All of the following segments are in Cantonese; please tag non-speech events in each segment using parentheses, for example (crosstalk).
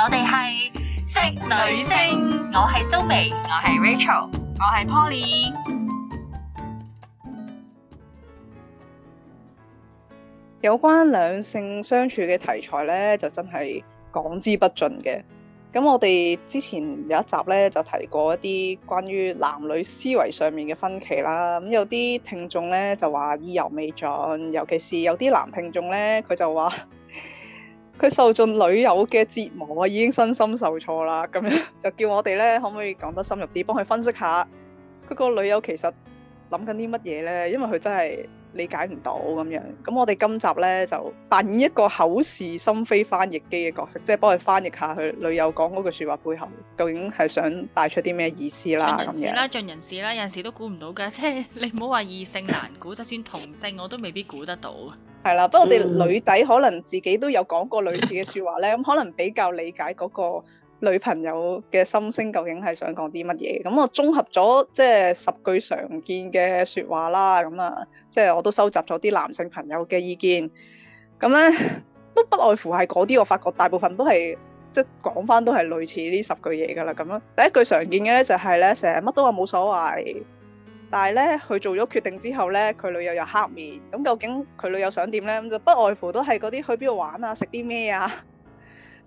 我哋係職女聲，我係蘇眉，我係 Rachel，我係 Poly。有關兩性相處嘅題材咧，就真係講之不盡嘅。咁我哋之前有一集咧，就提過一啲關於男女思維上面嘅分歧啦。咁有啲聽眾咧就話意猶未盡，尤其是有啲男聽眾咧，佢就話。佢受盡女友嘅折磨已經身心受挫啦，咁樣就叫我哋呢，可唔可以講得深入啲，幫佢分析下佢個女友其實諗緊啲乜嘢呢？因為佢真係理解唔到咁樣。咁我哋今集呢，就扮演一個口是心非翻譯機嘅角色，即係幫佢翻譯下佢女友講嗰句説話背後，究竟係想帶出啲咩意思啦咁樣。盡人事啦，盡人事啦，有陣時都估唔到㗎。即係你唔好話異性難估， (laughs) 就算同性我都未必估得到。係啦，不過我哋女仔可能自己都有講過類似嘅説話呢，咁、嗯、 (laughs) 可能比較理解嗰、嗰個。女朋友嘅心聲究竟係想講啲乜嘢？咁我綜合咗即係十句常見嘅説話啦，咁啊，即係我都收集咗啲男性朋友嘅意見，咁咧都不外乎係嗰啲。我發覺大部分都係即係講翻都係類似呢十句嘢㗎啦。咁啊，第一句常見嘅咧就係咧，成日乜都話冇所謂，但係咧佢做咗決定之後咧，佢女友又黑面。咁究竟佢女友想點咧？咁就不外乎都係嗰啲去邊度玩啊，食啲咩啊。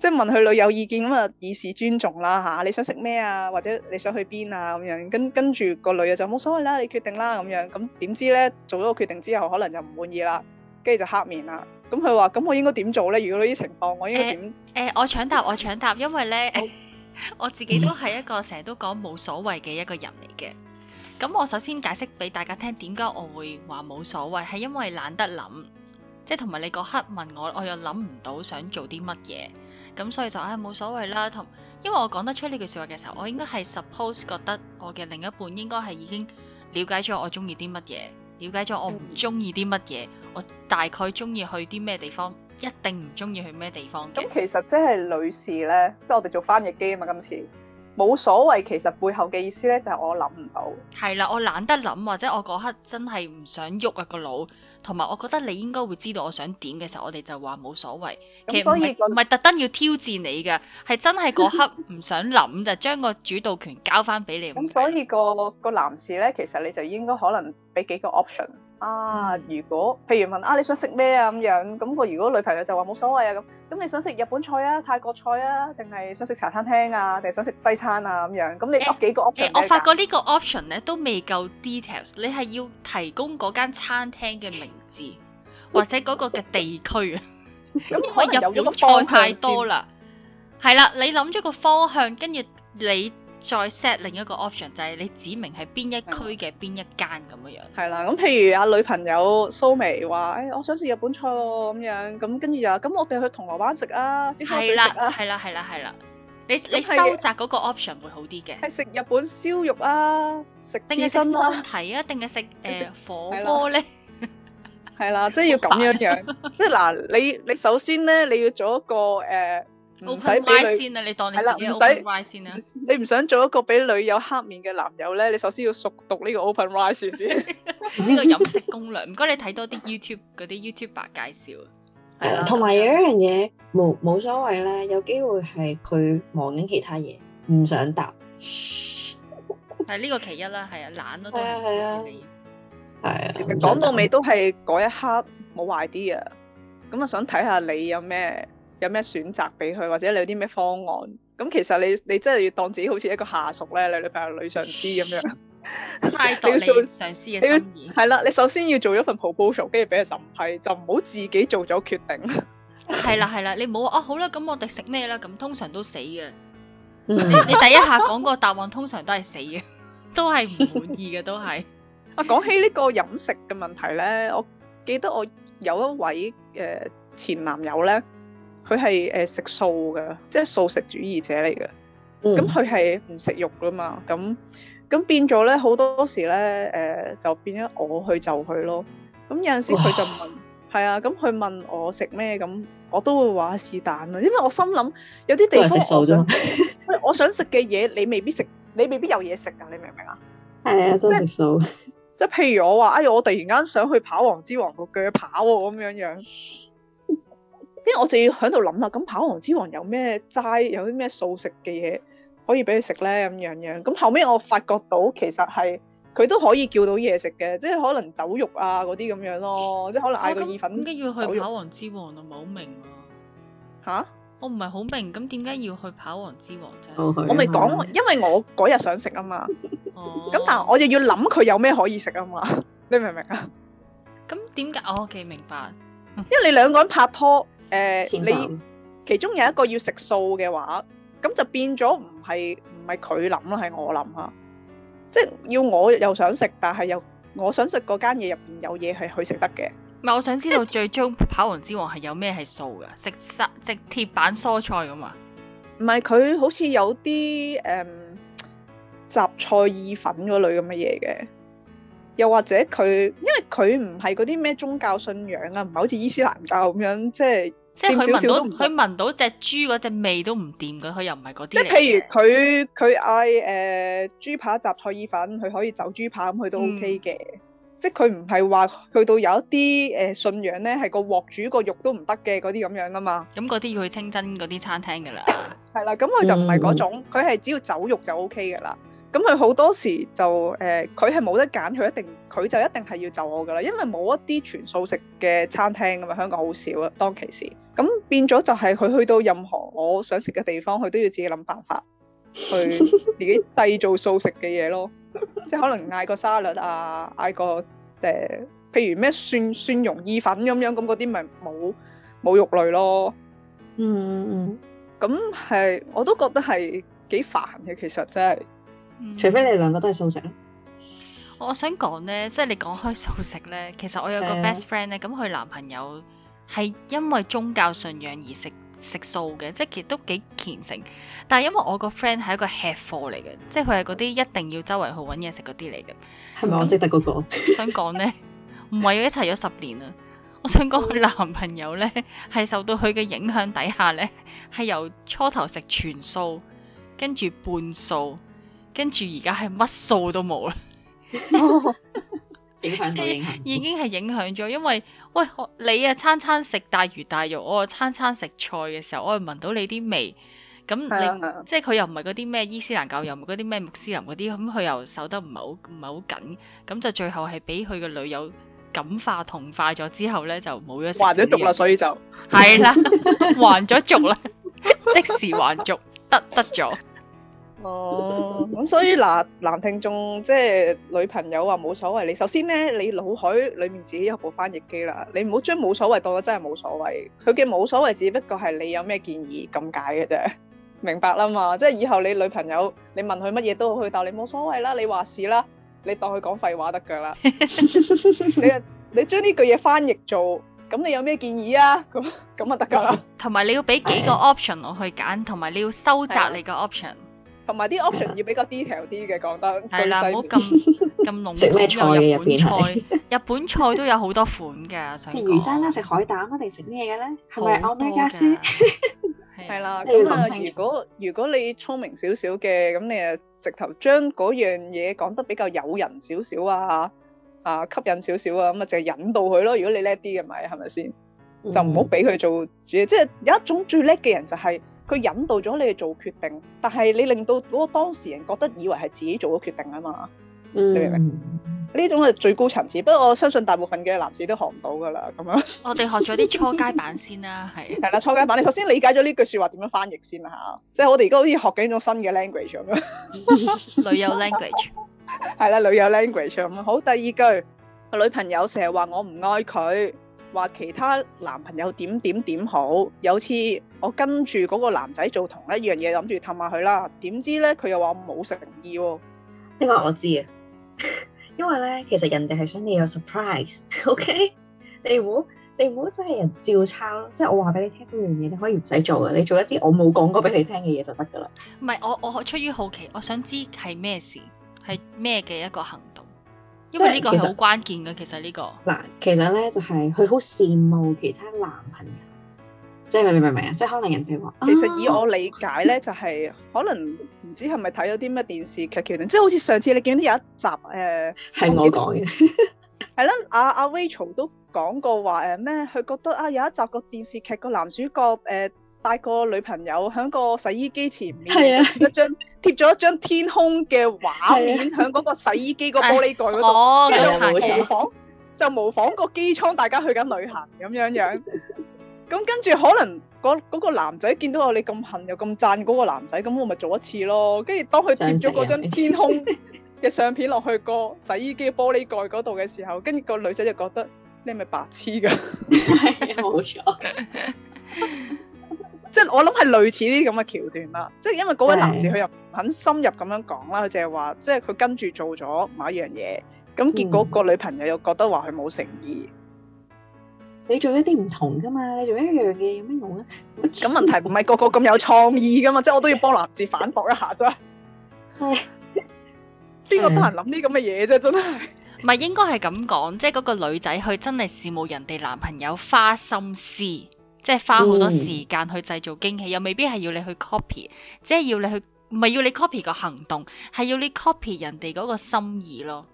即係問佢女友意見咁啊，以示尊重啦吓、啊！你想食咩啊？或者你想去邊啊？咁樣跟跟住個女啊就冇所謂啦，你決定啦咁樣。咁點知咧，做咗個決定之後，可能就唔滿意啦，跟住就黑面啦。咁佢話：咁我應該點做咧？如果呢啲情況，我應該點？誒、欸欸，我搶答，我搶答， (laughs) 因為咧，oh. (laughs) 我自己都係一個成日都講冇所謂嘅一個人嚟嘅。咁我首先解釋俾大家聽，點解我會話冇所謂，係因為懶得諗，即係同埋你嗰刻問我，我又諗唔到想做啲乜嘢。咁所以就唉冇、哎、所謂啦，同因為我講得出呢句説話嘅時候，我應該係 suppose 覺得我嘅另一半應該係已經了解咗我鍾意啲乜嘢，了解咗我唔鍾意啲乜嘢，嗯、我大概鍾意去啲咩地方，一定唔鍾意去咩地方嘅。咁、嗯、其實即係女士呢，即、就、係、是、我哋做翻譯機啊嘛，今次冇所謂。其實背後嘅意思呢，就係、是、我諗唔到。係啦，我懶得諗，或者我嗰刻真係唔想喐啊、個腦。同埋，我覺得你應該會知道我想點嘅時候，我哋就話冇所謂，其實唔係唔係特登要挑戰你嘅，係真係嗰刻唔想諗就將個主導權交翻俾你咁。咁所以個個男士咧，其實你就應該可能俾幾個 option。啊，如果譬如問啊，你想食咩啊咁樣，咁我如果女朋友就話冇所謂啊咁，咁你想食日本菜啊、泰國菜啊，定係想食茶餐廳啊，定係想食西餐啊咁樣，咁你噏幾個 option？誒，我發覺呢個 option 咧都未夠 details，你係要提供嗰間餐廳嘅名字或者嗰個嘅地區啊。咁可能有好多方向。係啦，你諗咗個方向，跟住你。再 set 另一個 option 就係你指明係邊一區嘅邊一間咁樣樣。係啦，咁譬如阿女朋友蘇眉話：誒，我想食日本菜喎，咁樣，咁跟住就，咁我哋去銅鑼灣食啊，之後點食啊？係啦，係啦，係啦，係啦，你你收集嗰個 option 會好啲嘅。係食日本燒肉啊，食刺身啦。定係食咩題啊？定係食誒火鍋咧？係啦，即係要咁樣樣。即係嗱，你你首先咧，你要做一個誒。唔使歪先啦，你當你係啦，唔使歪先啦。你唔想做一個俾女友黑面嘅男友咧，你首先要熟讀呢個 OpenRice 先先呢個飲食攻略。唔該，你睇多啲 YouTube 嗰啲 YouTuber 介紹啊，係啦。同埋有一樣嘢，冇冇所謂啦。有機會係佢忙緊其他嘢，唔想答。但係呢個其一啦，係啊，懶咯都係啊，係啊，係啊。其實講到尾都係嗰一刻冇壞啲啊，咁啊想睇下你有咩？有咩選擇俾佢，或者你有啲咩方案？咁其實你你真係要當自己好似一個下屬咧，你女朋友女上司咁樣， (laughs) (laughs) 你上司嘅係啦，你首先要做一份 proposal，跟住俾佢審批，就唔好自己做咗決定。係啦，係啦，你冇哦，好啦，咁我哋食咩啦？咁通常都死嘅。你第一下講個答案，通常都係死嘅，都係唔滿意嘅，都係。啊，講起呢個飲食嘅問題咧，我記得我有一位誒、呃、前男友咧。佢係誒食素嘅，即係素食主義者嚟嘅。咁佢係唔食肉噶嘛？咁咁變咗咧，好多時咧誒、呃，就變咗我去就佢咯。咁有陣時佢就問，係哇啊，咁佢問我食咩？咁我都會話是但啊，因為我心諗有啲地方食素啫，我想食嘅嘢你未必食，你未必有嘢食噶，你明唔明啊？係啊 (laughs) 即，都食素。即係譬如我話：哎呀，我突然間想去跑王之王個腳跑喎，咁樣樣。因為我就要喺度諗下，咁跑王之王有咩齋，有啲咩素食嘅嘢可以俾佢食咧，咁樣樣。咁後尾我發覺到其實係佢都可以叫到嘢食嘅，即係可能走肉啊嗰啲咁樣咯，即係可能嗌個意粉。點解要去跑王之王啊？唔係好明啊。吓、啊，我唔係好明，咁點解要去跑王之王就我咪講，啊、 (laughs) 因為我嗰日想食啊嘛。哦。咁 (laughs) 但係我就要諗佢有咩可以食啊嘛？你明唔明啊？咁點解？我屋企明白， (laughs) 因為你兩個人拍拖。誒，呃、心你其中有一個要食素嘅話，咁就變咗唔係唔係佢諗咯，係我諗嚇。即係要我又想食，但係又我想食嗰間嘢入邊有嘢係佢食得嘅。唔係，我想知道最終跑龍之王係有咩係素㗎？食沙即鐵板蔬菜咁啊？唔係，佢好似有啲誒雜菜意粉嗰類咁嘅嘢嘅。又或者佢，因為佢唔係嗰啲咩宗教信仰啊，唔係好似伊斯蘭教咁樣，即係。即係佢聞到，佢聞到隻豬嗰隻味都唔掂嘅，佢又唔係嗰啲。即係譬如佢佢嗌誒豬扒雜菜意粉，佢可以走豬扒咁，佢都 OK 嘅。嗯、即係佢唔係話去到有一啲誒、呃、信仰咧，係個鑊煮個肉都唔得嘅嗰啲咁樣啊嘛。咁嗰啲要去清真嗰啲餐廳㗎 (laughs) 啦。係啦，咁佢就唔係嗰種，佢係、嗯、只要走肉就 OK 㗎啦。咁佢好多時就誒，佢係冇得揀，佢一定佢就一定係要就我㗎喇，因為冇一啲全素食嘅餐廳咁啊，香港好少啊，當其時，咁變咗就係佢去到任何我想食嘅地方，佢都要自己諗辦法去自己製造素食嘅嘢咯， (laughs) 即係可能嗌個沙律啊，嗌個誒、呃，譬如咩蒜蒜蓉意粉咁樣，咁嗰啲咪冇冇肉類咯。嗯，咁、嗯、係我都覺得係幾煩嘅，其實真係。嗯、除非你兩個都係素食，我想講呢，即係你講開素食呢，其實我有個 best friend 呢、嗯。咁佢男朋友係因為宗教信仰而食食素嘅，即係其實都幾虔誠。但係因為我個 friend 係一個吃貨嚟嘅，即係佢係嗰啲一定要周圍去搵嘢食嗰啲嚟嘅。係咪我識得嗰、嗰個？那 (laughs) 想講呢，唔係我一齊咗十年啦。 (laughs) 我想講佢男朋友呢係受到佢嘅影響底下呢，係由初頭食全素，跟住半素。跟住而家係乜數都冇啦，影響到影響，已經係影響咗，因為喂，你啊餐餐食大魚大肉，我啊餐餐食菜嘅時候，我聞到你啲味，咁你即係佢又唔係嗰啲咩伊斯蘭教又唔係嗰啲咩穆斯林嗰啲，咁佢又守得唔係好唔係好緊，咁就最後係俾佢個女友感化同化咗之後呢，就冇咗還咗俗啦，所以就係啦，還咗俗啦，即時還俗得得咗。哦，咁所以嗱，男聽眾即係女朋友話冇所謂，你首先呢，你腦海裏面自己有部翻譯機啦，你唔好將冇所謂當咗真係冇所謂，佢嘅冇所謂只不過係你有咩建議咁解嘅啫，明白啦嘛，即係以後你女朋友你問佢乜嘢都好，去，但你冇所謂啦，你話事啦，你當佢講廢話得噶啦，你你將呢句嘢翻譯做，咁你有咩建議啊？咁咁啊得噶啦，同埋你要俾幾個 option 我去揀，同埋你要收集你個 option。同埋啲 option 要比較 detail 啲嘅，講得係啦，唔好咁咁濃。食咩菜嘅入邊啊？日本菜都有好多款㗎，成個。魚生啦，食海膽啊，我哋食咩嘅咧？係咪奧米加先？係啦。咁啊，如果如果你聰明少少嘅，咁你啊，直頭將嗰樣嘢講得比較誘人少少啊，啊吸引少少啊，咁啊，就係引導佢咯。如果你叻啲嘅咪係咪先？就唔好俾佢做主。即係有一種最叻嘅人就係。佢引導咗你去做決定，但係你令到嗰個當事人覺得以為係自己做咗決定啊嘛，嗯、你明唔明？呢種係最高層次，不過我相信大部分嘅男士都學唔到噶啦，咁樣。我哋學咗啲初階版先啦，係。係啦，初階版，你首先理解咗呢句説話點樣翻譯先啦吓，即係我哋而家好似學緊一種新嘅 language 咁啊，女友 language。係啦，女友 language 咁啊。好，第二句，個女朋友成日話我唔愛佢。話其他男朋友點點點好，有次我跟住嗰個男仔做同一樣嘢，諗住氹下佢啦，點知咧佢又話我冇誠意喎、哦。呢個我知啊，因為咧其實人哋係想你有 surprise，OK？Okay? 你唔好你唔好真係人照抄咯，即係我話俾你聽嗰樣嘢，你可以唔使做嘅，你做一啲我冇講過俾你聽嘅嘢就得噶啦。唔係，我我出於好奇，我想知係咩事，係咩嘅一個行？因為呢個係好關鍵嘅、這個，其實呢個嗱，其實咧就係佢好羨慕其他男朋友，即係明唔明？明啊，即係可能人哋話，其實以我理解咧，啊、就係可能唔知係咪睇咗啲咩電視劇橋段，即係 (laughs) 好似上次你見到有一集誒，係、呃、我講嘅、嗯，係啦、嗯，阿阿 Rachel 都講過話誒咩，佢、呃、覺得啊有一集個電視劇個男主角誒。呃帶個女朋友喺個洗衣機前面是、啊、一張貼咗一張天空嘅畫面喺嗰是、啊、個洗衣機個玻璃蓋嗰度，旅行嘅房錯就模仿個機艙，大家去緊旅行咁樣樣。咁、 (laughs) 嗯、跟住可能嗰嗰個男仔見到我你咁恨又咁讚嗰個男仔，咁我咪做一次咯。跟住當佢貼咗嗰張天空嘅相片落去個洗衣機玻璃蓋嗰度嘅時候，跟住個女仔就覺得你係咪白痴噶？冇錯。即係我諗係類似呢啲咁嘅橋段啦，即係因為嗰位男士佢又唔肯深入咁樣講啦，佢淨係話，即係佢跟住做咗某一樣嘢，咁結果個女朋友又覺得話佢冇誠意，嗯。你做一啲唔同噶嘛？你做一樣嘢有咩用啊？咁問題唔係個個咁有創意噶嘛？ (laughs) 即係我都要幫男士反駁一下啫。邊個得閒諗啲咁嘅嘢啫？真係唔係 (laughs) 應該係咁講？即係嗰個女仔，佢真係羨慕人哋男朋友花心思。即係花好多時間去製造驚喜，又未必係要你去 copy，即係要你去，唔係要你 copy 個行動，係要你 copy 人哋嗰個心意咯。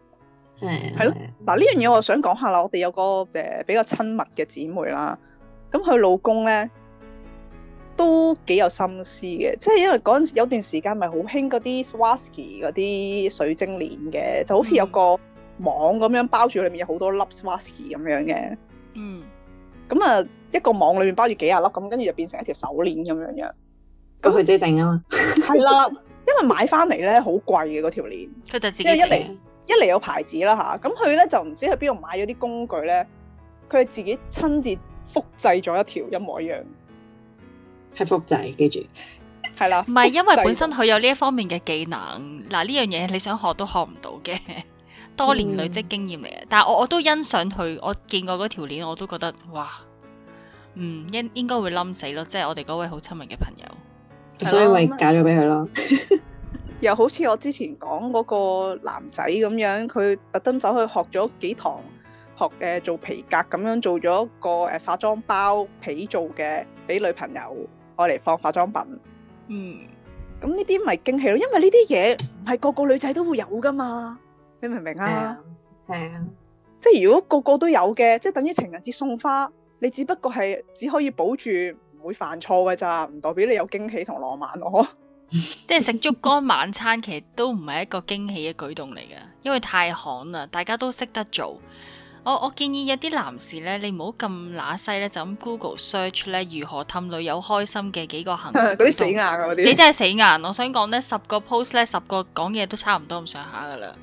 係係咯，嗱呢樣嘢我想講下啦，我哋有個誒比較親密嘅姐妹啦，咁佢老公咧都幾有心思嘅，即係因為陣時有段時間咪好興嗰啲 Swarovski 嗰啲水晶鏈嘅，就好似有個網咁樣包住，裏面有好多粒 Swarovski 咁樣嘅，嗯。咁啊，一個網裏面包住幾廿粒，咁跟住就變成一條手鏈咁樣樣。咁佢、啊、自己整啊嘛。係啦，因為買翻嚟咧好貴嘅嗰條鏈。佢就自己一嚟一嚟有牌子啦吓，咁佢咧就唔知去邊度買咗啲工具咧，佢係自己親自複製咗一條一模一樣。係複製，記住。係 (laughs) 啦。唔係是，因為本身佢有呢一方面嘅技能，嗱呢樣嘢你想學都學唔到嘅。 (laughs) 多年累積經驗嚟嘅，但係我我都欣賞佢，我見過嗰條鏈，我都覺得哇，嗯應應該會冧死咯，即係我哋嗰位好親密嘅朋友，所以我咪嫁咗俾佢咯。嗯、 (laughs) 又好似我之前講嗰個男仔咁樣，佢特登走去學咗幾堂，學嘅做皮革咁樣做咗個誒化妝包皮做嘅，俾女朋友愛嚟放化妝品。嗯，咁呢啲咪驚喜咯，因為呢啲嘢唔係個個女仔都會有噶嘛。你明唔明啊？係啊、嗯，嗯、即係如果個個都有嘅，即係等於情人節送花，你只不過係只可以保住唔會犯錯嘅咋，唔代表你有驚喜同浪漫咯。 (laughs) 即係食燭光晚餐，其實都唔係一個驚喜嘅舉動嚟嘅，因為太寒啦，大家都識得做。我我建議有啲男士呢，你唔好咁乸西呢，就咁 Google search 呢如何氹女友開心嘅幾個行動。嗰啲 (laughs) 死硬嗰啲你真係死硬。我想講呢，十個 post 呢，十個講嘢都差唔多咁上下噶啦。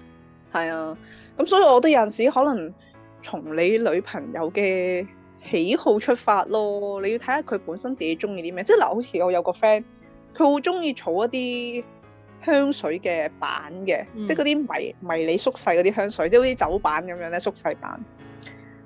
係啊，咁所以我都有陣時可能從你女朋友嘅喜好出發咯，你要睇下佢本身自己中意啲咩。即係嗱，好似我有個 friend，佢好中意儲一啲香水嘅版嘅，即係嗰啲迷迷你縮細嗰啲香水，即係嗰啲酒版咁樣咧縮細版。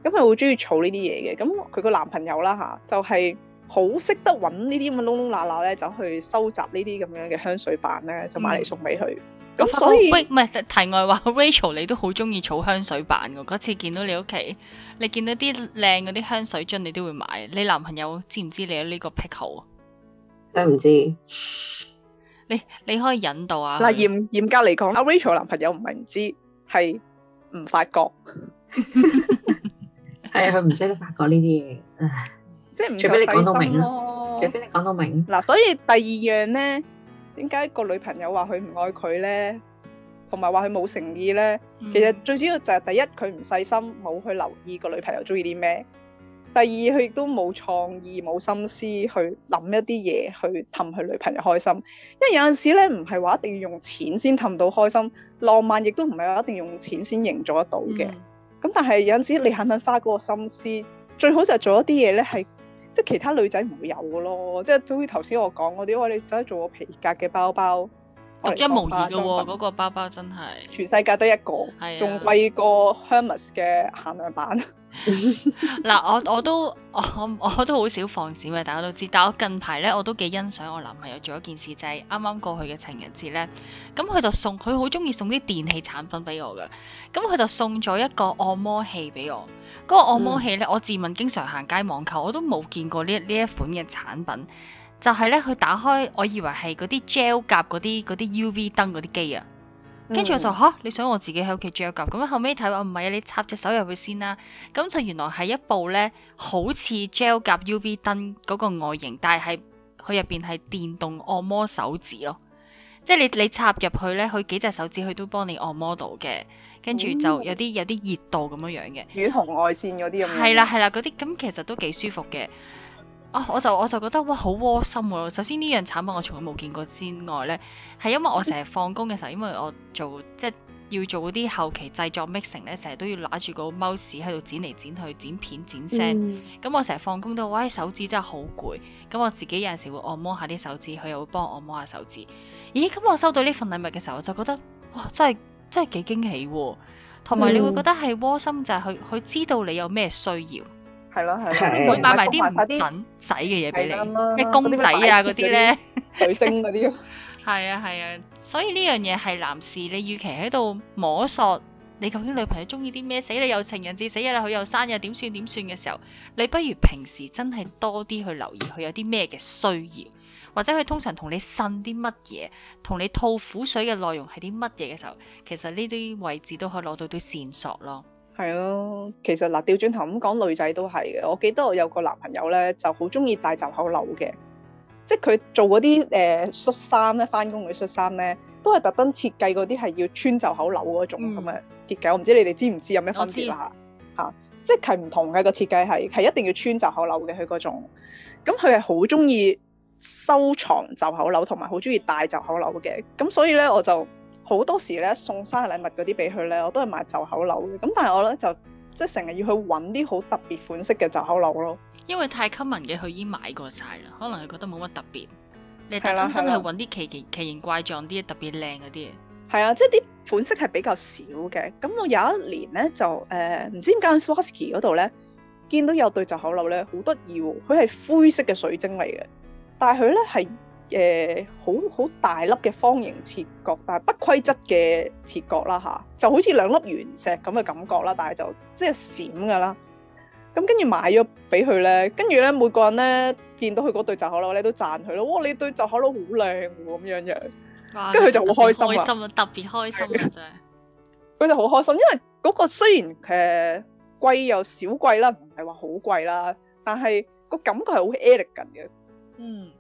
咁佢好中意儲呢啲嘢嘅。咁佢個男朋友啦嚇，就係好識得揾呢啲咁嘅窿窿罅罅咧，走去收集呢啲咁樣嘅香水版咧，就買嚟送俾佢。我發覺，喂，唔係題外話，Rachel 你都好中意儲香水版嘅。嗰次見到你屋企，你見到啲靚嗰啲香水樽，你都會買。你男朋友知唔知你有呢個癖好啊？都唔知。你你可以引導啊。嗱，嚴嚴格嚟講，阿 Rachel 男朋友唔係唔知，係唔發覺。係啊，佢唔識得發覺呢啲嘢。唉，即係除非你講到明咯，除非你講到明。嗱，所以第二樣咧。點解個女朋友話佢唔愛佢呢？同埋話佢冇誠意呢？嗯、其實最主要就係第一，佢唔細心，冇去留意個女朋友中意啲咩；第二，佢亦都冇創意、冇心思去諗一啲嘢去氹佢女朋友開心。因為有陣時咧，唔係話一定要用錢先氹到開心，浪漫亦都唔係話一定要用錢先營造得到嘅。咁、嗯、但係有陣時，你肯唔肯花嗰個心思，最好就係做一啲嘢呢係。即係其他女仔唔會有嘅咯，即係好似頭先我講嗰啲，你我你走去做個皮革嘅包包，獨一無二嘅喎、啊，嗰個品包包真係全世界得一個，仲、嗯、貴過 Hermes 嘅限量版。嗱， (laughs) 我我都我我都好少放閃嘅，大家都知。但係我近排咧，我都幾欣賞我男朋友做一件事，就係啱啱過去嘅情人節咧，咁佢就送，佢好中意送啲電器產品俾我㗎，咁佢就送咗一個按摩器俾我。嗰個按摩器咧，嗯、我自問經常行街網購，我都冇見過呢呢一款嘅產品。就係、是、咧，佢打開，我以為係嗰啲 gel 甲嗰啲啲 UV 燈嗰啲機啊。跟住、嗯、我就嚇，你想我自己喺屋企 gel 甲？咁後尾睇我唔係啊，你插隻手入去先啦。咁就原來係一部咧，好似 gel 甲 UV 燈嗰個外形，但係佢入邊係電動按摩手指咯、啊。即係你，你插入去咧，佢幾隻手指佢都幫你按摩到嘅，跟住就有啲有啲熱度咁樣樣嘅，遠紅外線嗰啲咁。係啦係啦，嗰啲咁其實都幾舒服嘅。啊，我就我就覺得哇，好窩心喎、啊。首先呢樣產品我從來冇見過之外咧，係因為我成日放工嘅時候，因為我做即係要做嗰啲後期製作 mixing 咧，成日都要攞住個 mouse 喺度剪嚟剪去剪片剪聲。咁、嗯嗯、我成日放工都，哇，手指真係好攰。咁我自己有陣時會按摩下啲手指，佢又會幫我按摩下手指。咦，咁我收到呢份禮物嘅時候，我就覺得哇，真係真係幾驚喜喎！同埋你會覺得係窩心，就係佢佢知道你有咩需要，係咯係， (laughs) 會買埋啲唔等使嘅嘢俾你，咩公仔啊嗰啲咧， (laughs) 水晶嗰啲，係啊係啊，所以呢樣嘢係男士，你與其喺度摸索你究竟女朋友中意啲咩，死你又情人節，死啦佢又生日，點算點算嘅時候，你不如平時真係多啲去留意佢有啲咩嘅需要。或者佢通常同你呻啲乜嘢，同你吐苦水嘅內容係啲乜嘢嘅時候，其實呢啲位置都可以攞到啲線索咯。係咯、 (noise) 啊，其實嗱，調轉頭咁講，女仔都係嘅。我記得我有個男朋友咧，就好中意戴袖口鈕嘅，即係佢做嗰啲誒恤衫咧，翻工嘅恤衫咧，都係特登設計嗰啲係要穿袖口鈕嗰種咁嘅設計。我唔知你哋知唔知有咩分別啦吓？吓、啊，即係唔同嘅個設計係，係一定要穿袖口鈕嘅佢嗰種。咁佢係好中意。收藏袖口鈕同埋好中意戴袖口鈕嘅，咁所以咧我就好多時咧送生日禮物嗰啲俾佢咧，我都係買袖口鈕嘅。咁但係我咧就即係成日要去揾啲好特別款式嘅袖口鈕咯。因為太吸引人嘅，佢已經買過晒啦，可能佢覺得冇乜特別。你特登真係揾啲奇奇奇形怪狀啲、特別靚嗰啲。係啊，即係啲款式係比較少嘅。咁我有一年咧就誒唔、呃、知點解喺 Swatchy 嗰度咧見到有對袖口鈕咧好得意喎，佢係灰色嘅水晶嚟嘅。但係佢咧係誒好好大粒嘅方形切角，但係不規則嘅切角啦嚇，就好似兩粒原石咁嘅感覺啦。但係就即係閃㗎啦。咁跟住買咗俾佢咧，跟住咧每個人咧見到佢嗰對袖口羅咧都讚佢咯。哇！你對袖口羅好靚喎咁樣樣，跟住佢就好開心啊！特別開心啊！真係，佢就好開心，因為嗰個雖然誒貴又少貴啦，唔係話好貴啦，但係個感覺係好 elegant 嘅，嗯。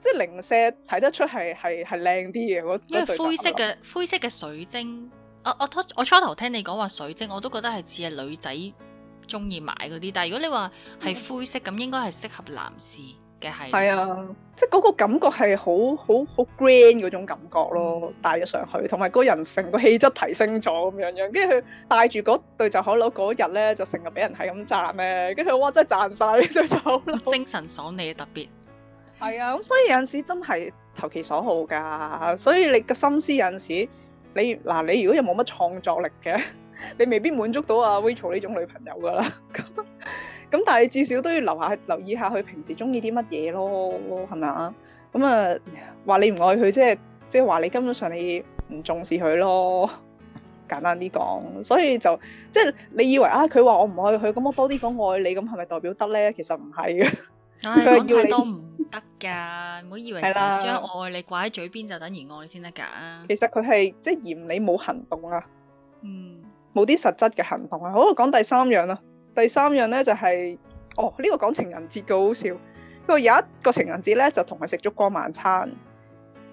即係零舍睇得出係係係靚啲嘅，因為灰色嘅灰色嘅水晶，我我初我初頭聽你講話水晶，我都覺得係似係女仔中意買嗰啲。但係如果你話係灰色咁，應該係適合男士嘅。係。係啊，即係嗰個感覺係好好好 grand 嗰種感覺咯，戴咗上去，同埋個人成個氣質提升咗咁樣樣。跟住戴住嗰對就手扭嗰日咧，就成日俾人係咁讚咩？跟住我真係讚晒呢對手扭，精神爽利特別。係啊，咁所以有陣時真係投其所好㗎，所以你嘅心思有陣時，你嗱，你如果又冇乜創作力嘅，你未必滿足到阿 Rachel 呢種女朋友㗎喇。咁咁但係至少都要留下留意下佢平時鍾意啲乜嘢咯，係咪啊？咁啊話你唔愛佢，即係即係話你根本上你唔重視佢咯，簡單啲講。所以就即係你以為啊佢話我唔愛佢，咁我多啲講愛你，咁係咪代表得咧？其實唔係嘅。講太多都唔得噶，唔好、啊啊、以為只將愛你掛喺嘴邊就等於愛先得噶。其實佢係即係嫌你冇行動啊，嗯，冇啲實質嘅行動啊。好，講第三樣啦。第三樣咧就係、是，哦呢、這個講情人節嘅好笑。佢話有一個情人節咧就同佢食燭光晚餐，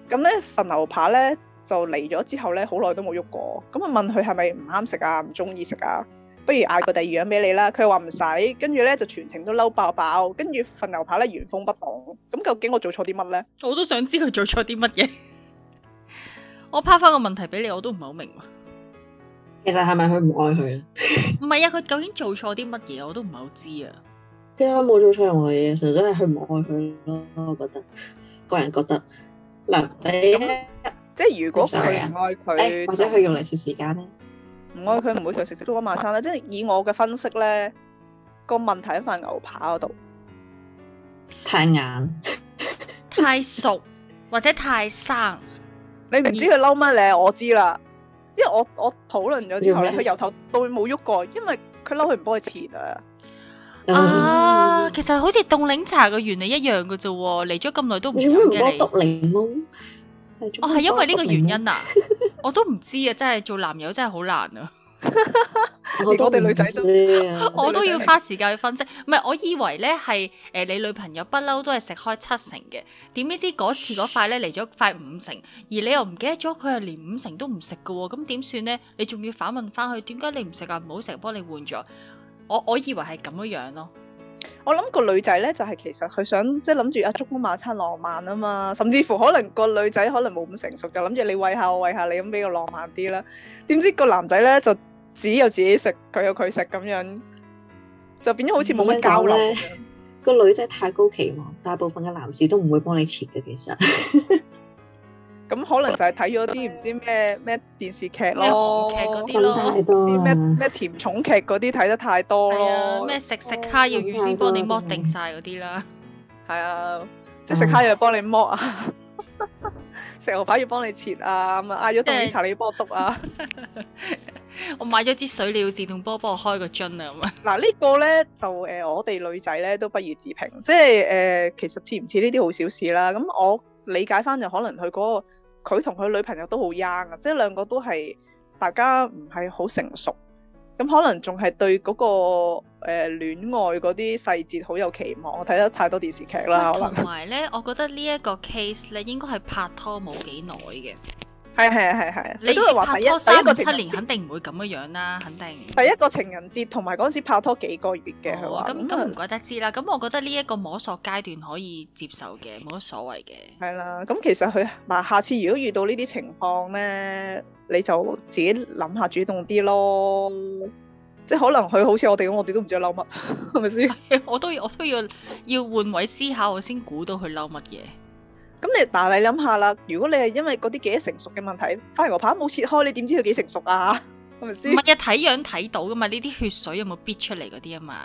咁咧份牛扒咧就嚟咗之後咧好耐都冇喐過，咁啊問佢係咪唔啱食啊，唔中意食啊？不如嗌個第二樣俾你啦，佢又話唔使，跟住咧就全程都嬲爆爆，跟住份牛扒咧原封不動。咁究竟我做錯啲乜咧？我都想知佢做錯啲乜嘢。 (laughs) 我拋翻個問題俾你，我都唔係好明。其實係咪佢唔愛佢 (laughs) 啊？唔係啊，佢究竟做錯啲乜嘢？我都唔係好知啊。其實冇做錯任何嘢，純粹係佢唔愛佢咯。我覺得個人覺得嗱，你那、啊、即係如果佢唔愛佢、啊就哎，或者佢用嚟攝時間咧？唔愛，佢唔會隨食食都講晚餐啦。即係以我嘅分析咧，個問題喺塊牛扒嗰度，太硬、太熟或者太生。你唔知佢嬲乜咧，我知啦。因為我我討論咗之後咧，佢由頭到尾冇喐過，因為佢嬲佢唔幫佢切啊。啊，其實好似凍檸茶嘅原理一樣嘅啫喎，嚟咗咁耐都唔飲嘅。你唔好凍檸檬。我係、哦，因為呢個原因啊， (laughs) 我都唔知啊，真係做男友真係好難啊。 (laughs) 我哋女仔都， (laughs) 我都要花時間去分析。唔係， (laughs) 我以為呢係誒、呃，你女朋友不嬲都係食開七成嘅，點知嗰次嗰塊呢嚟咗塊五成，而你又唔記得咗佢係連五成都唔食噶，咁點算呢？你仲要反問翻佢，點解你唔食啊？唔好食，幫你換咗。我我以為係咁樣樣咯。我諗個女仔咧，就係、是、其實佢想即係諗住啊，燭光晚餐浪漫啊嘛，甚至乎可能個女仔可能冇咁成熟，就諗住你喂下我喂下，喂下你咁比較浪漫啲啦。點知個男仔咧就自有自己食，佢有佢食咁樣，就變咗好似冇乜交流。個女仔太高期望，大部分嘅男士都唔會幫你切嘅，其實。 (laughs) 咁可能就係睇咗啲唔知咩咩電視劇咯，韓劇嗰啲咯，啲咩咩甜寵劇嗰啲睇得太多。係咩食食蝦要預先幫你剝定晒嗰啲啦。係啊，即係食蝦要幫你剝啊，食牛排要幫你切啊，咁啊嗌咗凍檸茶你要幫我篤啊。我買咗支水你要自動波幫我開個樽啊咁啊。嗱，呢個咧就誒我哋女仔咧都不如自評，即係誒其實似唔似呢啲好小事啦。咁我理解翻就可能佢嗰佢同佢女朋友都好 young 啊，即係兩個都係大家唔係好成熟，咁可能仲係對嗰、嗰個誒、呃、戀愛嗰啲細節好有期望。我睇得太多電視劇啦，同埋呢， (laughs) 我覺得呢一個 case 咧，應該係拍拖冇幾耐嘅。係啊係啊係係啊！你都係話第一第一個情人節，肯定唔會咁樣樣、啊、啦，肯定。第一個情人節同埋嗰陣時拍拖幾個月嘅佢話，咁咁唔怪得知啦。咁我覺得呢一個摸索階段可以接受嘅，冇乜所謂嘅。係啦，咁其實佢嗱，下次如果遇到呢啲情況咧，你就自己諗下主動啲咯。即係可能佢好似我哋咁，我哋都唔知佢嬲乜，係咪先？我都要我都要要換位思考我，我先估到佢嬲乜嘢。咁你，但你諗下啦，如果你係因為嗰啲幾成熟嘅問題，塊牛排冇切開，你點知佢幾成熟啊？係咪先？唔係睇樣睇到噶嘛，呢啲血水有冇逼出嚟，嗰啲啊嘛。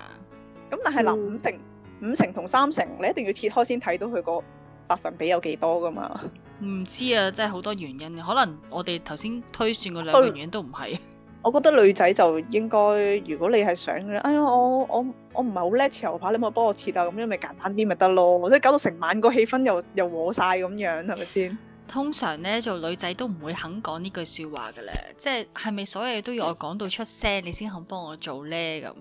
咁但係嗱，嗯、五成、五成同三成，你一定要切開先睇到佢個百分比有幾多噶嘛。唔知啊，真係好多原因，可能我哋頭先推算嗰兩個原因都唔係、嗯。 (laughs) 我覺得女仔就應該，如果你係想嘅，哎呀，我我我唔係好叻切牛排，你可唔可以幫我切啊？咁樣咪簡單啲咪得咯，即係搞到成晚個氣氛又又和晒咁樣，係咪先？通常呢，做女仔都唔會肯講呢句説話嘅咧，即係係咪所有嘢都要我講到出聲，你先肯幫我做呢？咁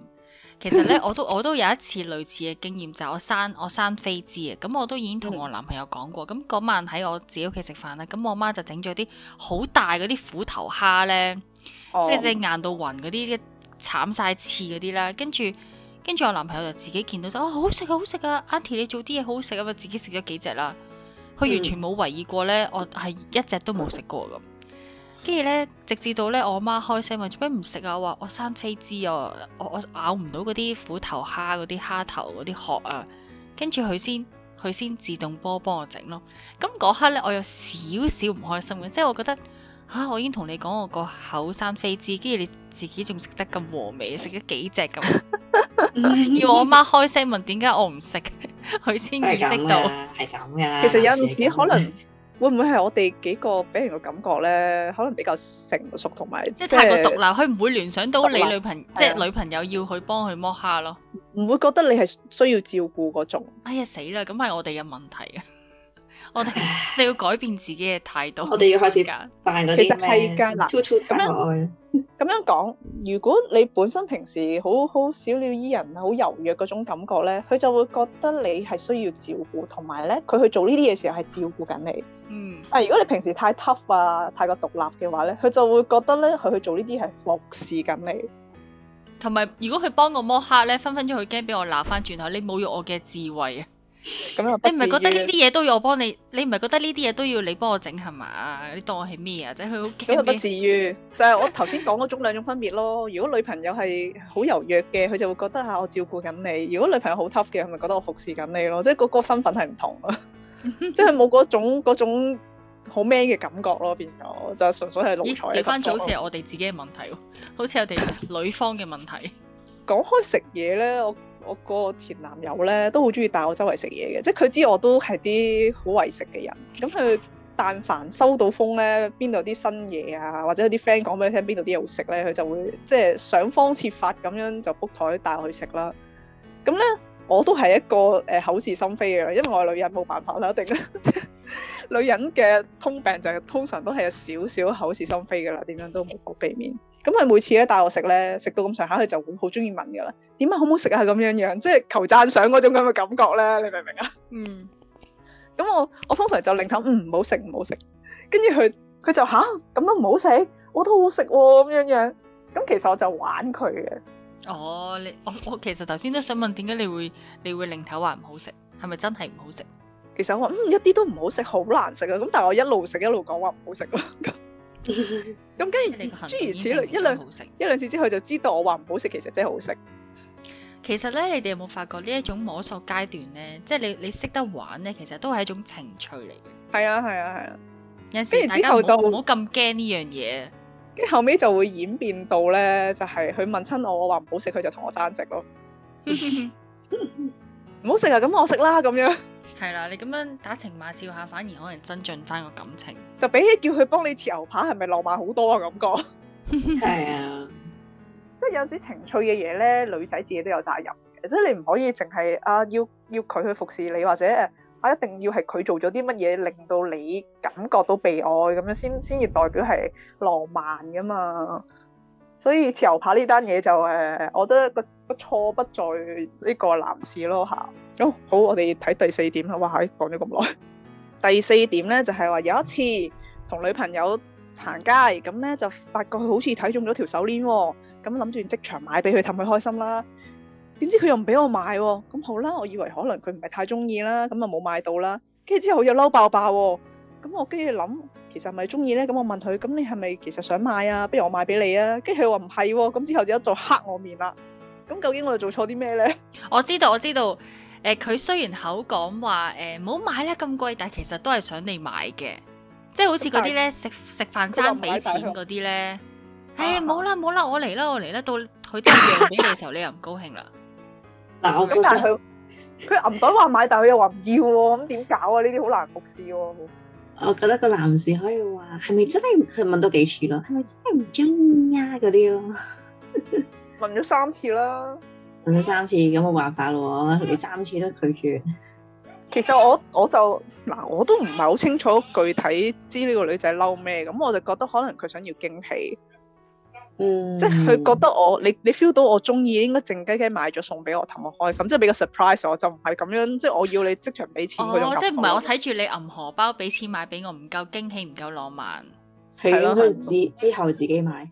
其實呢，我都我都有一次類似嘅經驗，就係、我生我生痱滋啊，咁我都已經同我男朋友講過，咁嗰晚喺我自己屋企食飯啦，咁我媽就整咗啲好大嗰啲虎頭蝦呢。即係即係硬到暈嗰啲，嘅慘曬刺嗰啲啦，跟住跟住我男朋友就自己見到就啊、哦、好食啊好食啊，Auntie、啊、你做啲嘢好食啊，咪自己食咗幾隻啦。佢完全冇懷疑過呢。我係一隻都冇食過咁。跟住呢，直至到呢，我媽開聲話做咩唔食啊？我話我生飛滋啊，我我咬唔到嗰啲虎頭蝦嗰啲蝦頭嗰啲殼啊。跟住佢先佢先自動波幫我整咯。咁嗰刻呢，我有少少唔開心嘅，即係我覺得。嚇、啊！我已經同你講我個口生飛滋，跟住你自己仲食得咁和味，食咗幾隻咁、 (laughs) 嗯，要我媽開聲問點解我唔食，佢先意識到。係咁嘅。其實,其實有陣時可能會唔會係我哋幾個俾人個感覺咧，可能比較成熟同埋、就是、即係太過獨立，佢唔會聯想到你女朋友，立即係女朋友要去幫佢剝蝦咯，唔、嗯、會覺得你係需要照顧嗰種。哎呀死啦！咁係我哋嘅問題啊！ (laughs) 我哋你要改變自己嘅態度。我哋要開始噶，扮嗰其實係噶，嗱麼，咁樣咁 (laughs) 樣講，如果你本身平時好好小鳥依人，好柔弱嗰種感覺咧，佢就會覺得你係需要照顧，同埋咧，佢去做呢啲嘢時候係照顧緊你。嗯。但如果你平時太 tough 啊，太過獨立嘅話咧，佢就會覺得咧，佢去做呢啲係服侍緊你。同埋，如果佢幫我摸黑咧，分分鐘佢驚俾我鬧翻轉頭，你侮辱我嘅智慧啊！咁又你唔係覺得呢啲嘢，都要我幫你？你唔係覺得呢啲嘢，都要你幫我整係嘛？你當我係咩啊？即係佢好企咁又唔至於， (laughs) 就係我頭先講嗰種兩種分別咯。如果女朋友係好柔弱嘅，佢就會覺得吓、啊、我照顧緊你；如果女朋友好 tough 嘅，佢咪覺得我服侍緊你咯。即係個個身份係唔同， (laughs) 即係冇嗰種嗰種好 man 嘅感覺咯。變咗就純粹係奴才。咦，嚟翻好似係我哋自己嘅問、問題，好似我哋女方嘅問題。講開食嘢咧，我。我個前男友咧都好鍾意帶我周圍食嘢嘅，即係佢知我都係啲好為食嘅人，咁佢但凡收到風咧，邊度有啲新嘢啊，或者有啲 friend 講俾我聽邊度啲嘢好食咧，佢就會即係想方設法咁樣就 book 枱帶我去食啦。咁咧。我都係一個誒口是心非嘅，因為我係女人冇辦法啦，一定。女人嘅通病就係通常都係有少少口是心非噶啦，點樣都冇好避免。咁佢每次咧帶我食咧，食到咁上下，佢就會好鍾意問噶啦，點解好唔好食啊？咁樣樣，即係求讚賞嗰種咁嘅感覺咧，你明唔明啊？嗯。咁我我通常就擰頭，嗯，唔好食唔好食，跟住佢佢就吓，咁都唔好食，我都好食喎咁樣樣。咁其實我就玩佢嘅。哦，你我我其實頭先都想問，點解你會你會擰頭話唔好食？係咪真係唔好食？其實我話嗯一啲都唔好食，好難食啊！咁但係我一路食一路講話唔好食咯。咁跟住諸如此類一兩一兩次之後，就知道我話唔好食其實真係好食。其實咧，你哋有冇發覺呢一種摸索階段咧，即係你你識得玩咧，其實都係一種情趣嚟嘅。係啊係啊係啊，有陣時大家就唔好咁驚呢樣嘢。跟後尾就會演變到咧，就係佢問親我，我話唔好食，佢就同我爭食咯。唔好食啊，咁我食啦咁樣。係啦，你咁樣打情罵俏下，反而可能增進翻個感情。就比起叫佢幫你切牛扒，係咪浪漫好多啊？感覺係啊，即係有啲情趣嘅嘢咧，女仔自己都有責任嘅，即係你唔可以淨係啊要要佢去服侍你或者。啊！一定要係佢做咗啲乜嘢令到你感覺到被愛咁樣，先先至代表係浪漫噶嘛。所以自由派呢單嘢就誒、是，我覺得個個錯不在呢個男士咯嚇。哦，好，我哋睇第四點啦。哇，講咗咁耐。第四點咧就係、是、話有一次同女朋友行街，咁咧就發覺佢好似睇中咗條手鏈喎，咁諗住即場買俾佢氹佢開心啦。點知佢又唔俾我買。哦，咁好啦，我以為可能佢唔係太中意啦，咁啊冇買到啦。跟住之後又嬲爆爆。哦，咁我跟住諗，其實係咪中意咧？咁我問佢，咁你係咪其實想買啊？不如我買俾你啊。跟住佢話唔係，咁之後就又做黑我面啦。咁究竟我哋做錯啲咩咧？我知道，我知道。誒、呃，佢雖然口講話誒唔好買咧咁貴，但係其實都係想你買嘅，即係好似嗰啲咧食食飯爭俾錢嗰啲咧。誒算，冇啦冇啦，我嚟啦，我嚟啦，到佢真讓俾你嘅時候，你又唔高興啦。 (laughs) 嗱，咁但係佢，佢銀袋話買，但佢又話唔要喎，咁點搞啊？呢啲好難服侍喎。我覺得個男士可以話，係咪真係佢問多幾次咯？係咪真係唔中意啊？嗰啲 (laughs) 問咗三次咯，問咗三次，咁冇辦法咯，佢 (laughs) 三次都拒絕。其實我我就嗱，我都唔係好清楚具體知呢個女仔嬲咩，咁我就覺得可能佢想要驚喜。嗯，即係佢覺得我你你 feel 到我中意，應該靜雞雞買咗送俾我，氹我開心，即係俾個 surprise 我，就唔係咁樣，即係我要你即場俾錢嗰種。哦、即係唔係我睇住你銀荷包俾錢買俾我，唔夠驚喜，唔夠浪漫。係咯，之之後自己買，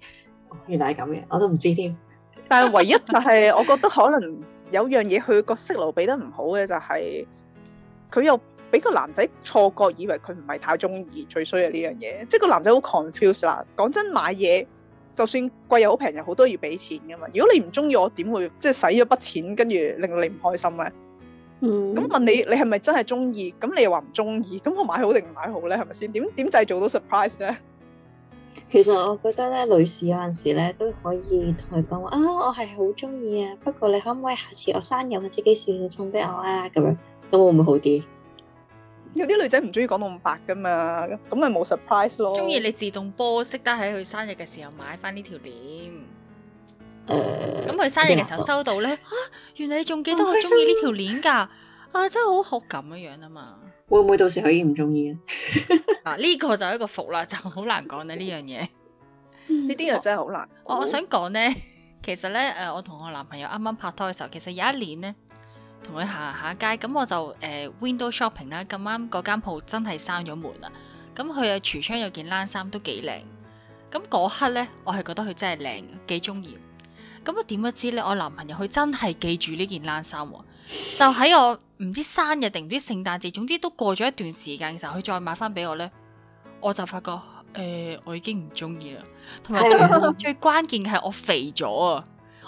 原來係咁嘅，我都唔知添。 (laughs) 但係唯一就係，我覺得可能有樣嘢佢個色路俾得唔好嘅就係，佢又俾個男仔錯覺，以為佢唔係太中意，最衰啊呢樣嘢，即係個男仔好 confused 啦。講真，買嘢。買就算貴又好平又好，都要俾錢噶嘛。如果你唔中意，我點會即係使咗筆錢，跟住令你唔開心咧？嗯，咁問你，你係咪真係中意？咁你又話唔中意，咁我買好定唔買好咧？係咪先？點點製造到 surprise 咧？其實我覺得咧，女士有陣時咧都可以同佢講話啊，我係好中意啊，不過你可唔可以下次我生日或者幾時送俾我啊？咁樣，咁會唔會好啲？有啲女仔唔中意講到咁白噶嘛，咁咪冇 surprise 咯。中意你自動波，識得喺佢生日嘅時候買翻呢條鏈，咁佢、uh, 嗯、生日嘅時候收到咧，啊，原來你仲記得我中意呢條鏈㗎，啊，真係好好咁嘅樣啊嘛。會唔會到時佢唔中意啊，嗱，呢個就係一個伏啦，就好難講啦呢樣嘢。呢啲又真係好難、嗯嗯。我我想講咧，其實咧，誒、呃，我同我男朋友啱啱拍拖嘅時候，其實有一年咧。同佢行下街，咁我就誒、呃、window shopping 啦。咁啱嗰間鋪真係閂咗門啦。咁佢嘅櫥窗有件冷衫都幾靚。咁嗰刻呢，我係覺得佢真係靚，幾中意。咁我點會知呢？我男朋友佢真係記住呢件冷衫喎。就喺我唔知生日定唔知聖誕節，總之都過咗一段時間嘅時候，佢再買翻俾我呢，我就發覺誒、呃，我已經唔中意啦。同埋 (laughs) 最關鍵嘅係我肥咗啊！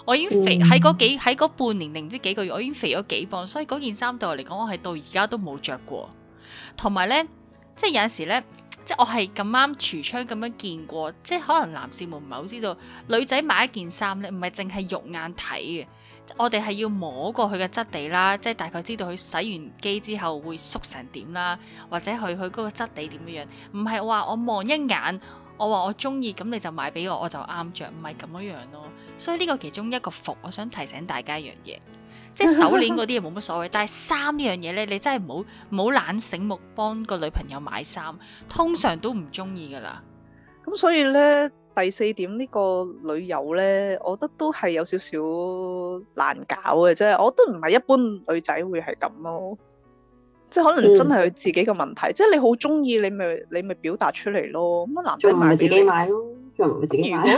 我已經肥喺嗰幾喺半年定唔知幾個月，我已經肥咗幾磅，所以嗰件衫對我嚟講，我係到而家都冇着過。同埋呢，即係有陣時呢，即係我係咁啱櫥窗咁樣見過，即係可能男士們唔係好知道，女仔買一件衫咧，唔係淨係肉眼睇嘅，我哋係要摸過佢嘅質地啦，即係大概知道佢洗完機之後會縮成點啦，或者佢佢嗰個質地點樣樣，唔係我話我望一眼。我話我中意咁你就買俾我，我就啱着，唔係咁樣樣咯。所以呢個其中一個伏，我想提醒大家一樣嘢，即係手鏈嗰啲嘢冇乜所謂， (laughs) 但係衫呢樣嘢呢，你真係唔好懶醒目幫個女朋友買衫，通常都唔中意噶啦。咁、嗯、所以呢，第四點呢個女友呢，我覺得都係有少少難搞嘅啫，我覺得唔係一般女仔會係咁咯。即係可能真係佢自己嘅問題，嗯、即係你好中意，你咪你咪表達出嚟咯。咁啊，男仔買自己買咯，再唔係自己買。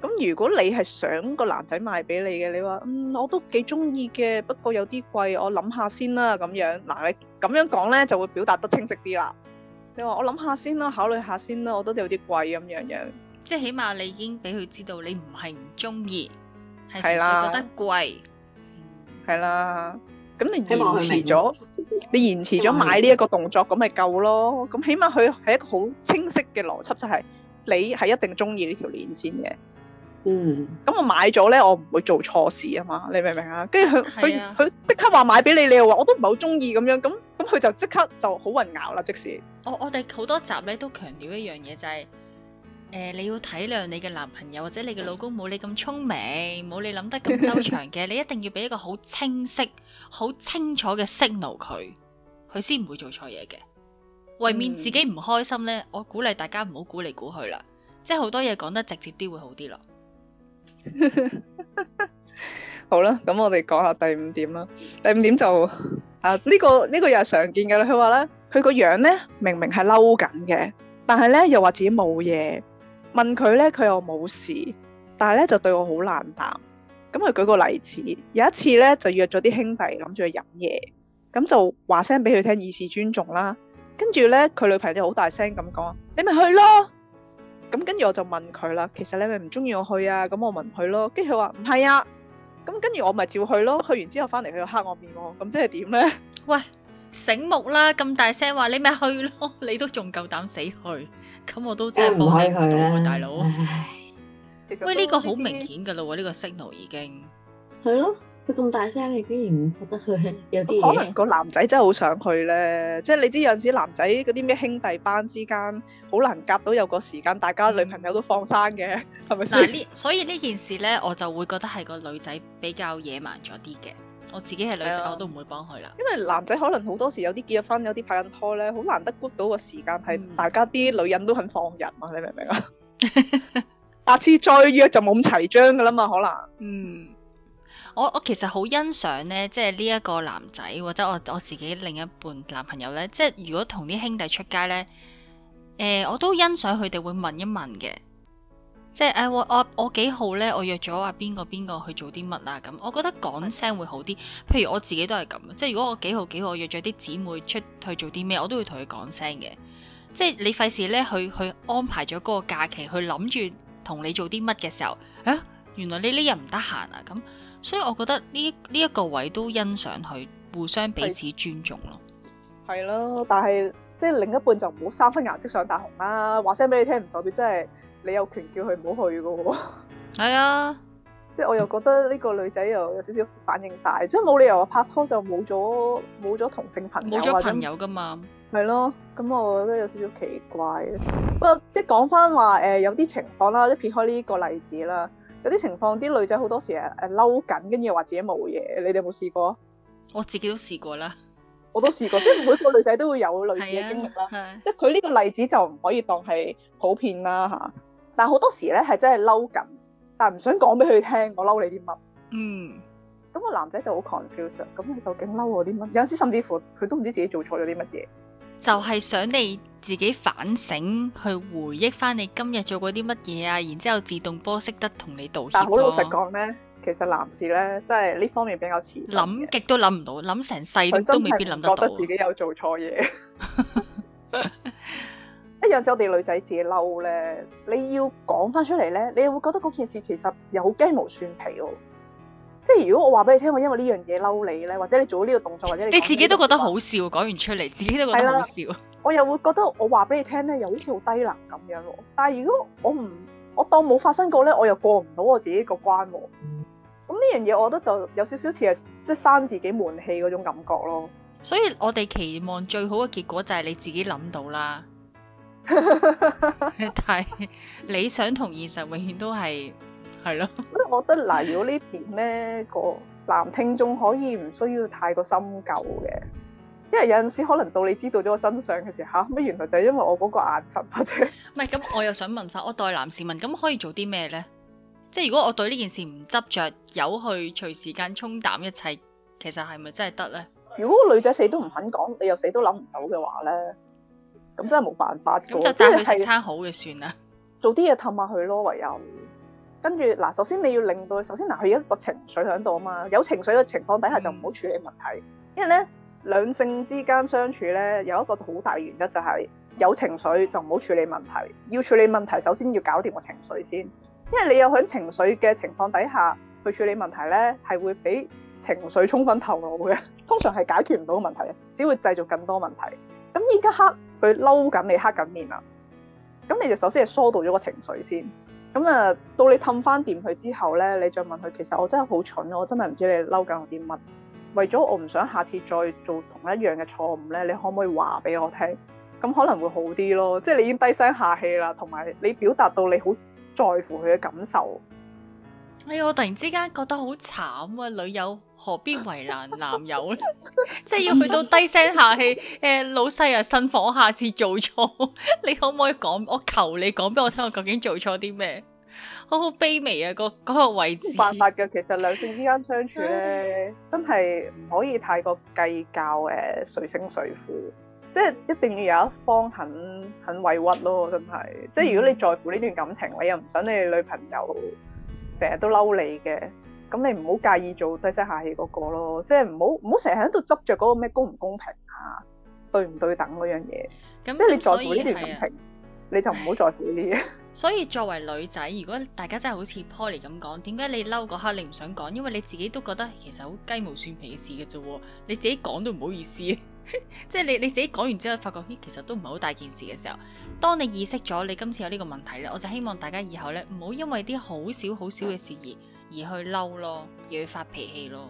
咁如果你係想個男仔買俾你嘅，你話，嗯，我都幾中意嘅，不過有啲貴，我諗下先啦咁樣。嗱，你咁樣講咧就會表達得清晰啲啦。你話我諗下先啦，考慮下先啦，我覺得有啲貴咁樣樣。即係起碼你已經俾佢知道你唔係唔中意，係純粹覺得貴。係啦。咁你，、嗯、你延遲咗，你延遲咗買呢一個動作，咁咪、嗯、夠咯。咁起碼佢係一個好清晰嘅邏輯，就係、是、你係一定中意呢條鏈先嘅。嗯。咁我買咗咧，我唔會做錯事啊嘛。你明唔明啊？跟住佢佢佢即刻話買俾你，你又話我都唔係好中意咁樣。咁咁佢就即刻就好混淆啦。即使我我哋好多集咧都強調一樣嘢、就是，就係。誒，你要體諒你嘅男朋友或者你嘅老公冇你咁聰明，冇你諗得咁周詳嘅，你一定要俾一個好清晰、好清楚嘅 signal 佢，佢先唔會做錯嘢嘅。為免自己唔開心咧，我鼓勵大家唔好估嚟估去啦，即係好多嘢講得直接啲會好啲咯。好啦，咁我哋講下第五點啦。第五點就啊，呢個呢個又係常見嘅啦。佢話咧，佢個樣咧明明係嬲緊嘅，但係咧又話自己冇嘢。問佢咧，佢又冇事，但係咧就對我好冷淡。咁佢舉個例子，有一次咧就約咗啲兄弟諗住去飲嘢，咁就話聲俾佢聽，以示尊重啦。跟住咧佢女朋友就好大聲咁講，你咪去咯。咁跟住我就問佢啦，其實你咪唔中意我去啊？咁我問佢咯，跟住佢話唔係啊。咁跟住我咪照去咯。去完之後翻嚟佢又黑我面喎，咁即係點咧？喂！醒目啦，咁大聲話你咪去咯，你都仲夠膽死去，咁我都真係唔可以去啦，大佬。 (laughs) 其實都喂，呢個好明顯噶咯，呢個 signal 已經。係咯，佢咁大聲，你竟然唔覺得佢有啲嘢？可能個男仔真係好想去咧，即係你知有陣時男仔嗰啲咩兄弟班之間，好難夾到有個時間，大家女朋友都放生嘅，係咪？嗱，所以呢件事咧，我就會覺得係個女仔比較野蠻咗啲嘅。我自己係女仔，啊、我都唔會幫佢啦。因為男仔可能好多時有啲結咗婚，有啲拍緊拖呢，好難得 group 到個時間係大家啲女人都肯放人嘛、啊？你明唔明啊？下 (laughs) (laughs) 次再約就冇咁齊張噶啦嘛？可能嗯，我我其實好欣賞呢，即係呢一個男仔或者我我自己另一半男朋友呢，即係如果同啲兄弟出街呢，誒、呃，我都欣賞佢哋會問一問嘅。即係誒、啊，我我我幾號咧？我約咗阿邊個邊個去做啲乜啊？咁我覺得講聲會好啲。是的 譬如我自己都係咁，即係如果我幾號幾號我約咗啲姊妹出去做啲咩，我都會同佢講聲嘅。即係你費事咧去去安排咗嗰個假期，去諗住同你做啲乜嘅時候，誒、啊，原來你呢日唔得閒啊！咁所以我覺得呢呢一個位都欣賞佢互相彼此尊重咯。係咯，但係即係另一半就唔好三分顏色上大紅啦。話聲俾你聽，唔代表真係。真你有權叫佢唔好去噶喎、哦。係啊， (laughs) (laughs) 即係我又覺得呢個女仔又有少少反應大，即係冇理由拍拖就冇咗冇咗同性朋友冇咗朋友噶嘛。係咯，咁我覺得有少少奇怪。不過即係講翻話誒，有啲情況啦，即撇開呢個例子啦，有啲情況啲女仔好多時誒誒嬲緊，跟住又話自己冇嘢。你哋有冇試過？我自己都試過啦，我都試過，即係每個女仔都會有類似嘅經歷啦。 (laughs) 啊、即係佢呢個例子就唔可以當係普遍啦吓。啊但好多時咧係真係嬲緊，但唔想講俾佢聽我嬲你啲乜。嗯，咁個男仔就好 confusion，咁佢究竟嬲我啲乜？有時甚至乎佢都唔知自己做錯咗啲乜嘢。就係想你自己反省，去回憶翻你今日做過啲乜嘢啊，然之後自動波識得同你道歉咯。但好老實講咧，其實男士咧真係呢方面比較遲。諗極都諗唔到，諗成世都未必諗得到。覺得自己有做錯嘢。一有時我哋女仔自己嬲咧，你要講翻出嚟咧，你又會覺得嗰件事其實又雞毛蒜皮喎。即係如果我話俾你聽，我因為呢樣嘢嬲你咧，或者你做咗呢個動作，或者你，你自己都覺得好笑，講完出嚟自己都覺得好笑。了 (laughs) 我又會覺得我話俾你聽咧，又好似好低能咁樣。但係如果我唔我當冇發生過咧，我又過唔到我自己個關。咁呢樣嘢，我覺得就有少少似係即係生自己悶氣嗰種感覺咯。所以我哋期望最好嘅結果就係你自己諗到啦。但係 (laughs) (laughs) 理想同現實永遠都係係咯，啊、所以我覺得嗱、啊，如果邊呢邊咧個男聽眾可以唔需要太過深究嘅，因為有陣時可能到你知道咗真相嘅時候，吓、啊、乜原來就係因為我嗰個眼神或者，唔係咁我又想問法，我代男士問，咁可以做啲咩咧？即係如果我對呢件事唔執着，有去隨時間沖淡一切，其實係咪真係得咧？如果個女仔死都唔肯講，你又死都諗唔到嘅話咧？咁真係冇辦法，咁就讚佢食餐好嘅算啦，做啲嘢氹下佢咯， (laughs) 唯有。跟住嗱，首先你要令到佢，首先嗱，佢一個情緒喺度啊嘛，有情緒嘅情況底下就唔好處理問題。因為咧，兩性之間相處咧，有一個好大原因就係、是、有情緒就唔好處理問題，要處理問題首先要搞掂個情緒先。因為你有喺情緒嘅情況底下去處理問題咧，係會俾情緒沖昏頭腦嘅，通常係解決唔到問題，只會製造更多問題。咁依家刻。佢嬲緊你黑緊面啦，咁你就首先係疏導咗個情緒先，咁啊到你氹翻掂佢之後咧，你再問佢，其實我真係好蠢，我真係唔知你嬲緊我啲乜，為咗我唔想下次再做同一樣嘅錯誤咧，你可唔可以話俾我聽？咁可能會好啲咯，即係你已經低聲下氣啦，同埋你表達到你好在乎佢嘅感受。哎，我突然之間覺得好慘啊，女友。何必為難男友咧？ (laughs) 即係要去到低聲下氣，誒 (laughs) 老細啊，新火下次做錯，你可唔可以講？我求你講俾我聽，我究竟做錯啲咩？好好卑微啊！個、那、嗰個位置，冇辦法嘅。其實兩性之間相處咧， (laughs) 真係唔可以太過計較誒，誰勝誰負，即係一定要有一方肯肯，肯委屈咯。真係，即係如果你在乎呢段感情，你又唔想你女朋友成日都嬲你嘅。咁你唔好介意做低聲下氣嗰個咯，即係唔好唔好成日喺度執着嗰個咩公唔公平啊，對唔對等嗰樣嘢。嗯、即係你在乎呢啲公平，嗯、你就唔好在乎呢啲嘢。所以作為女仔，如果大家真係好似 Poly 咁講，點解你嬲嗰刻你唔想講？因為你自己都覺得其實好雞毛蒜皮嘅事嘅啫，你自己講都唔好意思 (laughs) 即。即係你你自己講完之後，發覺咦其實都唔係好大件事嘅時候。當你意識咗你今次有呢個問題咧，我就希望大家以後咧唔好因為啲好少好少嘅事而……嗯而去嬲咯，而去發脾氣咯。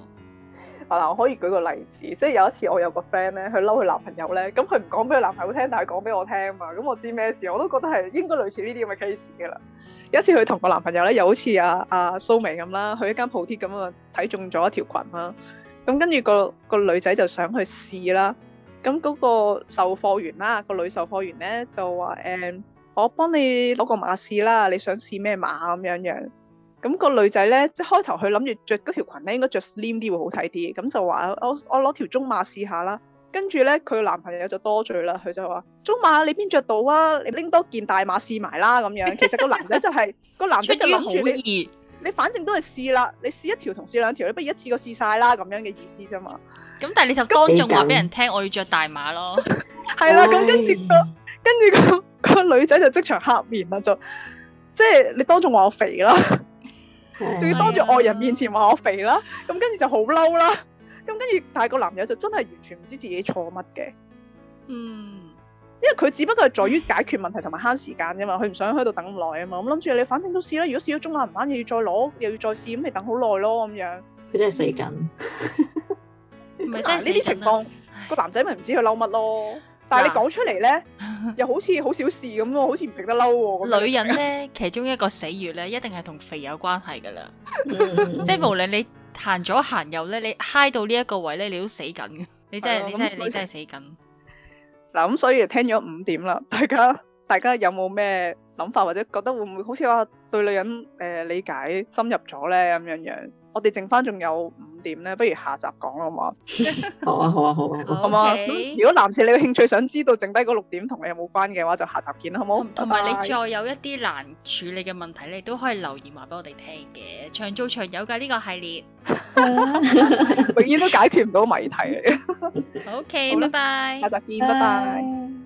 嗱、啊，我可以舉個例子，即係有一次我有個 friend 咧，佢嬲佢男朋友咧，咁佢唔講俾佢男朋友聽，但係講俾我聽啊嘛。咁我知咩事，我都覺得係應該類似 (noise) 呢啲咁嘅 case 嘅啦。有一次佢同個男朋友咧，又好似阿阿蘇眉咁啦，去一間鋪貼咁啊，睇中咗一條裙啦。咁、啊、跟住、嗰個、嗰個女仔就想去試啦。咁、啊、嗰、嗰個售貨員啦，嗰個女售貨員咧就話：誒、嗯，我幫你攞個碼試啦，你想試咩碼咁樣樣。咁個女仔咧，即係開頭佢諗住着嗰條裙咧，應該着 slim 啲會好睇啲。咁就話我我攞條中碼試下啦。跟住咧，佢男朋友就多嘴啦，佢就話：中碼你邊着到啊？你拎多件大碼試埋啦。咁樣其實個男仔就係、是、個 (laughs) 男仔就諗住你，你反正都係試啦。你試一條同試兩條，你不如一次過試晒啦。咁樣嘅意思啫嘛。咁但係你就當眾話俾麼看人聽，我要着大碼咯。係啦 (laughs) 了，咁、哎、跟住個跟住個女仔就即場黑面啦，就即係、就是、你當眾話我肥啦。 (laughs) 仲要當住外人面前話我肥啦，咁、啊、跟住就好嬲啦，咁跟住但係個男友就真係完全唔知自己錯乜嘅。嗯，因為佢只不過係在於解決問題同埋慳時間啫嘛，佢唔想喺度等咁耐啊嘛，咁諗住你反正都試啦，如果試咗中下唔啱，又要再攞，又要再試，咁咪等好耐咯咁樣，佢真係死緊。嗱，呢啲情況 (laughs) 個男仔咪唔知佢嬲乜咯。但係你講出嚟咧，又好似好小事咁喎，好似唔值得嬲喎。女人咧，其中一個死穴咧，一定係同肥有關係噶啦。即係無論你行左行右咧，你 high 到呢一個位咧，你都死緊嘅。你真係你真係你真係死緊嗱。咁所以就聽咗五點啦，大家大家有冇咩諗法或者覺得會唔會好似話對女人誒理解深入咗咧？咁樣樣。我哋剩翻仲有五點咧，不如下集講啦嘛。好啊好啊好啊，好嘛、啊啊。 (laughs) 如果男士你有興趣想知道剩低嗰六點同你有冇關嘅話，就下集見啦，好唔好？同埋有 bye 你再有一啲難處理嘅問題，你都可以留言話俾我哋聽嘅，長做長有㗎呢、呢個系列， (laughs) (laughs) 永遠都解決唔到謎題嚟。OK，拜拜。下集見，拜拜 bye。